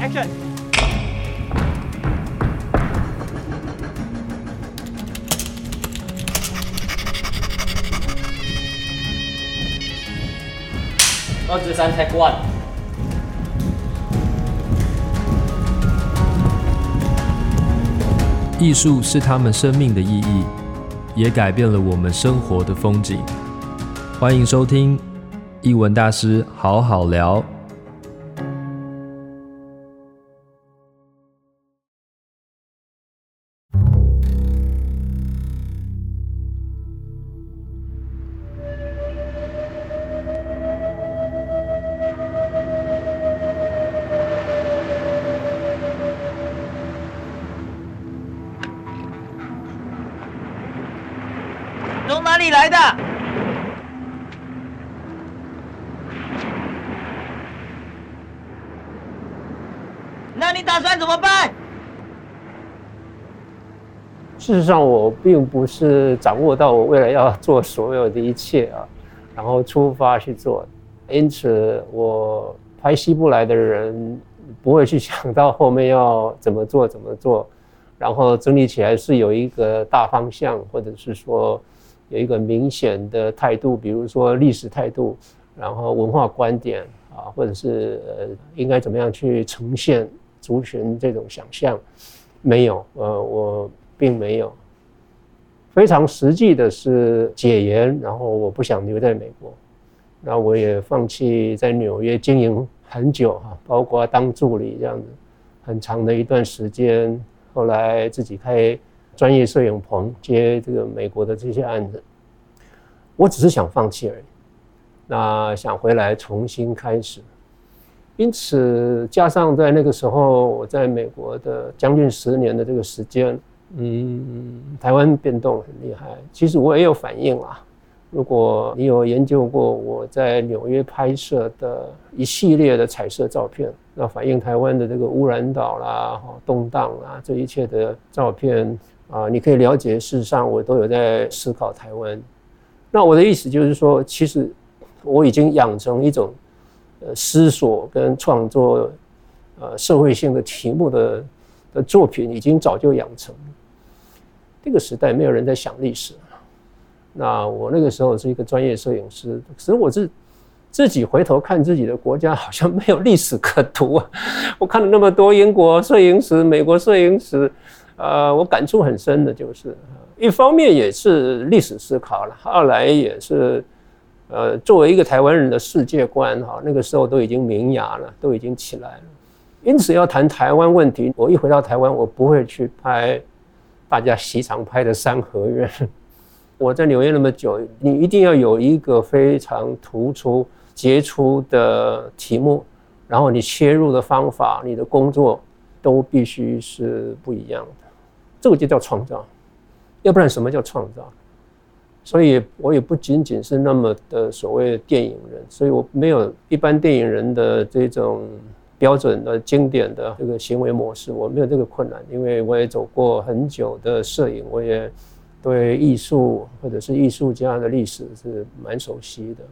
Action. 二十三，Take One。藝術是他們生命的意義，也改變了我們生活的風景。歡迎收聽《藝文大師好好聊》。從哪裡來的？那你打算怎麼辦？事實上，我並不是掌握到我未來要做所有的一切啊，然後出發去做。因此，我拍西部來的人不會去想到後面要怎麼做怎麼做，然後整理起來是有一個大方向，或者是說。有一個明顯的態度，比如說歷史態度，然後文化觀點啊，或者是、呃、應該怎麼樣去呈現族群這種想象，沒有，呃，我並沒有非常實際的是解嚴，然後我不想留在美國，那我也放棄在紐約經營很久哈，包括當助理這樣子，很長的一段時間，後來自己開。專業攝影棚接這個美國的這些案子，我只是想放棄而已。那想回來重新開始，因此加上在那個時候我在美國的將近十年的這個時間，嗯，嗯，台灣變動很厲害。其實我也有反應啊。如果你有研究過我在紐約拍攝的一系列的彩色照片，那反映台灣的這個污染島啦、啊、動盪啊，這一切的照片。啊，你可以了解。事實上，我都有在思考台灣。那我的意思就是說，其實我已經養成一種呃思索跟創作呃社會性的題目的的作品，已經早就養成了。這個時代沒有人在想歷史。那我那個時候是一個專業攝影師，所以我是自己回頭看自己的國家，好像沒有歷史可讀啊。 我看了那麼多英國攝影史、美國攝影史。呃，我感觸很深的就是，一方面也是歷史思考了，二來也是，呃，作為一個台灣人的世界觀哈，那個時候都已經萌芽了，都已經起來了。因此要談台灣問題，我一回到台灣，我不會去拍大家習常拍的三合院。我在紐約那麼久，你一定要有一個非常突出、傑出的題目，然後你切入的方法、你的工作都必須是不一樣的。這個就叫創造，要不然什麼叫創造？所以我也不僅僅是那麼的所謂電影人，所以我沒有一般電影人的這種標準的經典的這個行為模式，我沒有這個困難，因為我也走過很久的攝影，我也對藝術或者是藝術家的歷史是蠻熟悉的，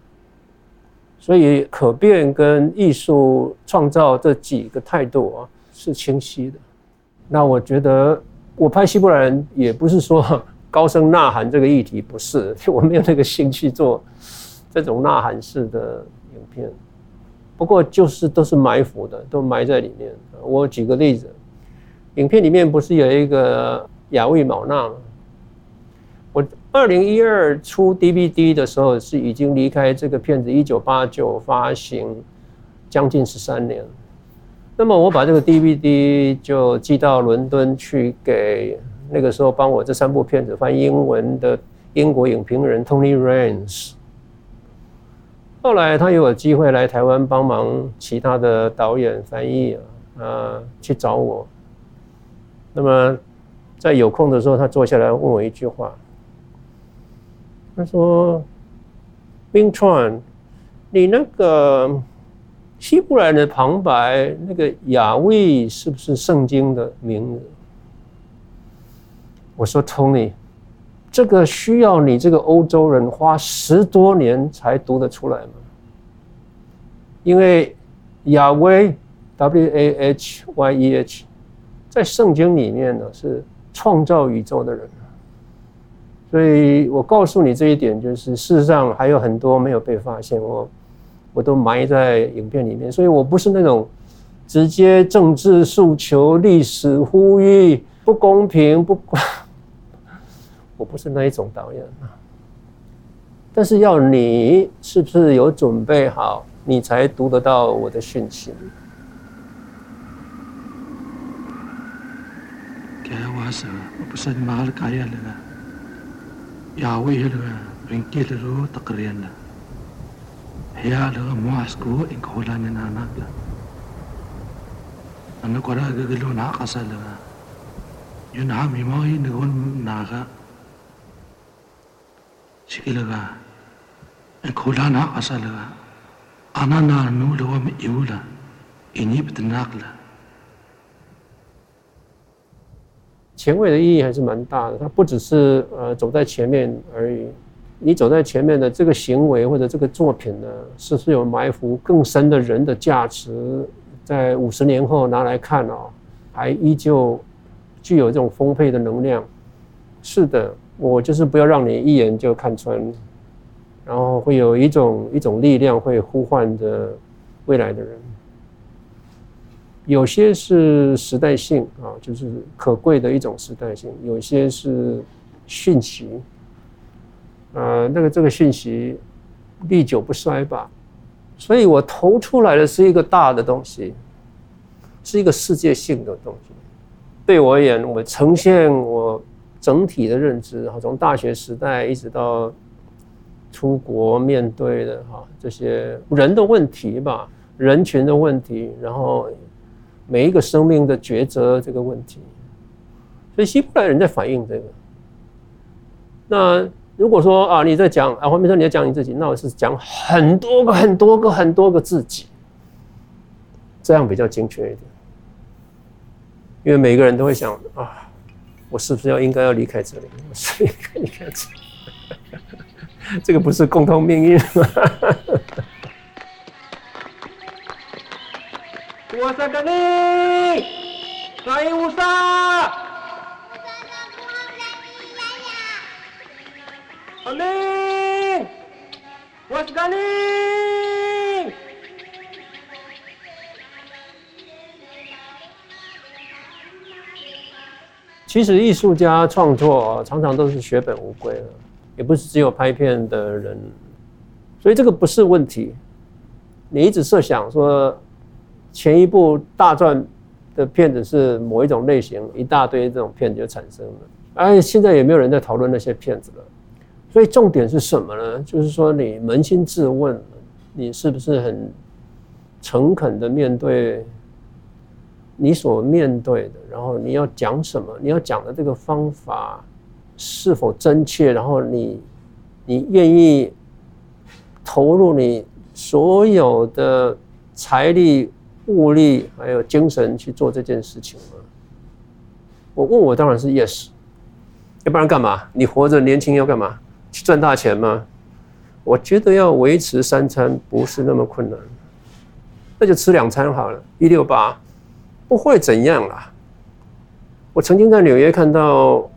所以可變跟藝術創造這幾個態度啊是清晰的，那我覺得。我拍《西部來的人》也不是說高聲吶喊這個議題，不是我沒有那個心去做這種吶喊式的影片。不過就是都是埋伏的，都埋在裡面。我舉個例子，影片裡面不是有一個亞未毛娜。我二零一二出 DVD 的時候是已經離開這個片子一九八九發行將近十三年那麼我把這個 DVD 就寄到倫敦去給那個時候幫我這三部片子翻英文的英國影評人 Tony Rayns。後來他又有機會來台灣幫忙其他的導演翻譯啊，啊去找我。那麼在有空的時候，他坐下來問我一句話。他說：“明川，你那個。”希伯來人的旁白，那個雅威是不是聖經的名字？我說 Tony，這個需要你這個歐洲人花十多年才讀得出來嗎？因為雅威 W A H Y E H 在聖經裡面呢是創造宇宙的人，所以我告訴你這一點，就是事實上還有很多沒有被發現。我。我都埋在影片裡面，所以我不是那種直接政治訴求、歷史呼籲、不公平不， 我不是那一種導演。但是要你是不是有準備好，你才讀得到我的訊息。 前衛的意義還是蠻大的，它不只是，呃，走在前面而已。你走在前面的這個行為或者這個作品呢，是不是有埋伏更深的人的價值？在五十年後拿來看哦，還依舊具有這種豐沛的能量？是的，我就是不要讓你一眼就看穿，然後會有一種一種力量會呼喚着未來的人。有些是時代性啊，就是可貴的一種時代性；有些是訊息。呃，那個這個訊息歷久不衰吧，所以我投出來的是一個大的東西，是一個世界性的東西。對我而言，我呈現我整體的認知，然後從大學時代一直到出國面對的哈，這些人的問題吧，人群的問題，然後每一個生命的抉擇這個問題，所以希伯來人在反映這個，那。如果說啊，你在講啊黃明川，說你在講你自己，那我是講很多個、很多個、很多個自己，這樣比較精確一點。因為每個人都會想啊，我是不是要應該要離開這裡？我是不是應該離開這裡，里這個不是共同命運嗎？我薩格利，歡迎烏薩。滾！滾！滾！其實藝術家創作啊，常常都是血本無歸了，也不是只有拍片的人，所以這個不是問題。你一直設想說，前一部大賺的片子是某一種類型，一大堆這種片子就產生了。哎，現在也沒有人在討論那些片子了。所以重點是什麼呢？就是說，你捫心自問，你是不是很誠懇的面對你所面對的？然後你要講什麼？你要講的這個方法是否正確？然後你你願意投入你所有的財力、物力還有精神去做這件事情嗎？我問我當然是 yes，要不然幹嘛？你活着年輕要幹嘛？去賺大錢嗎？我覺得要維持三餐不是那麼困難，那就吃兩餐好了。一六八，不會怎樣啦、啊。我曾經在紐約看到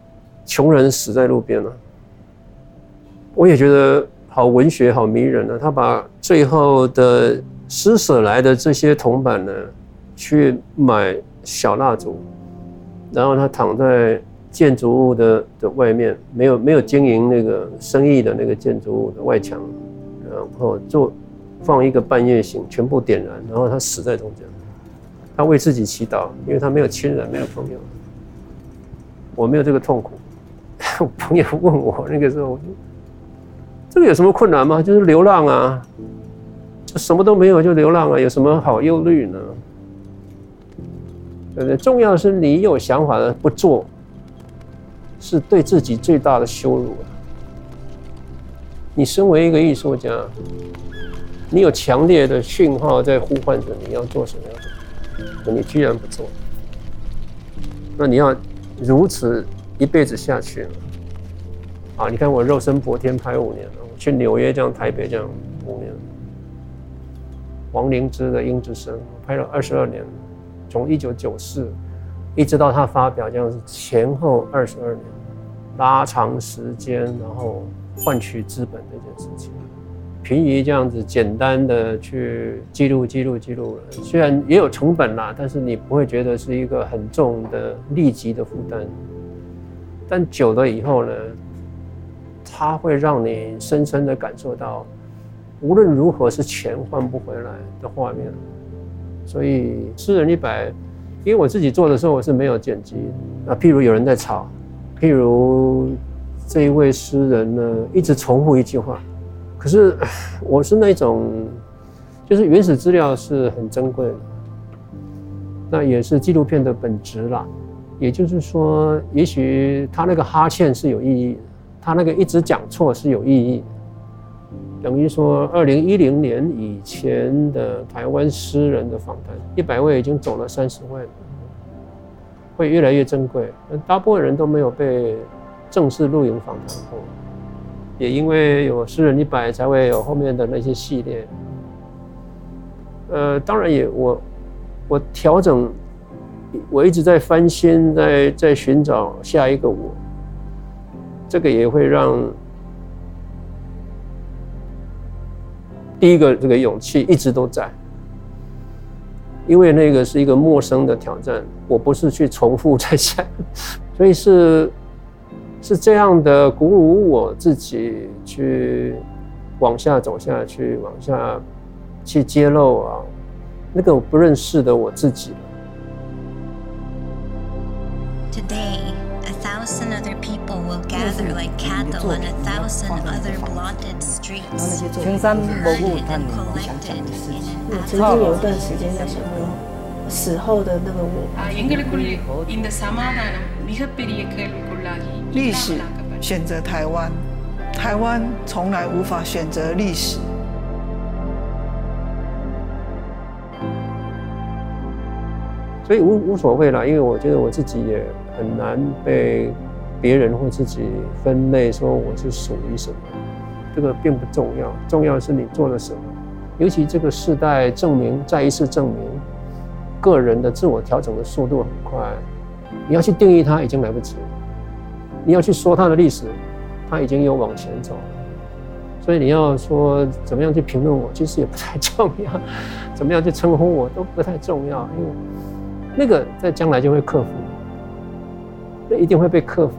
窮人死在路邊了，我也覺得好文學、好迷人呢、啊。他把最後的施捨來的這些銅板呢，去買小蠟燭，然後他躺在。建築物的的外面沒有沒有經營那個生意的那個建築物的外牆，然後做放一個半夜醒，全部點燃，然後他死在中間。他為自己祈禱，因為他沒有親人，沒有朋友。我沒有這個痛苦。朋友問我那個時候我就，這個有什麼困難嗎？就是流浪啊，就什麼都沒有，就流浪啊，有什麼好憂慮呢？對不對？重要是你有想法的不做，是對自己最大的羞辱。你身為一個藝術家，你有強烈的訊號在呼喚着你要做什麼，什麼你居然不做，那你要如此一輩子下去啊，你看我肉身搏天拍五年了，我去紐約這樣，台北這樣五年，黃靈芝的櫻之聲拍了二十二年，從一九九四。一直到他發表這樣子，前後二十二年拉長時間，然後換取資本這件事情，平移這樣子，簡單的去記錄記錄記錄了，雖然也有成本啦，但是你不會覺得是一個很重的立即的負擔。但久了以後呢，它會讓你深深的感受到無論如何是錢換不回來的畫面。所以《詩人一百》。因為我自己做的時候，我是沒有剪輯啊。譬如有人在吵，譬如這一位詩人呢，一直重複一句話。可是我是那種，就是原始資料是很珍貴的，那也是紀錄片的本質啦。也就是說，也許他那個哈欠是有意義，他那個一直講錯是有意義。等於說，二零一零年以前的台灣詩人的訪談，一百位已經走了三十位了，會越來越珍貴。大部分人都沒有被正式錄影訪談過，也因為有詩人一百，才會有後面的那些系列。呃，當然也我我調整，我一直在翻新，在在尋找下一個我。這個也會讓。第一個，這個勇氣一直都在，因為那個是一個陌生的挑戰，我不是去重複再想，所以是是這樣的鼓舞我自己去往下走下去，往下去揭露啊，那個我不認識的我自己。這些做的，放的放的，前三博物館，我有有想講的事情。我曾經有一段時間想說，死、嗯、後的那個我。歷史、嗯、歷史選擇台灣，台灣從來無法選擇歷史，所以無無所謂啦，因為我覺得我自己也很難被。別人或自己分類說我是屬於什麼，這個並不重要，重要的是你做了什麼。尤其這個時代證明，再一次證明，個人的自我調整的速度很快。你要去定義它，已經來不及。你要去說它的歷史，它已經有往前走了。所以你要說怎麼樣去評論我，其實也不太重要；怎麼樣去稱呼我，都不太重要，因為那個在將來就會克服。這一定會被克服。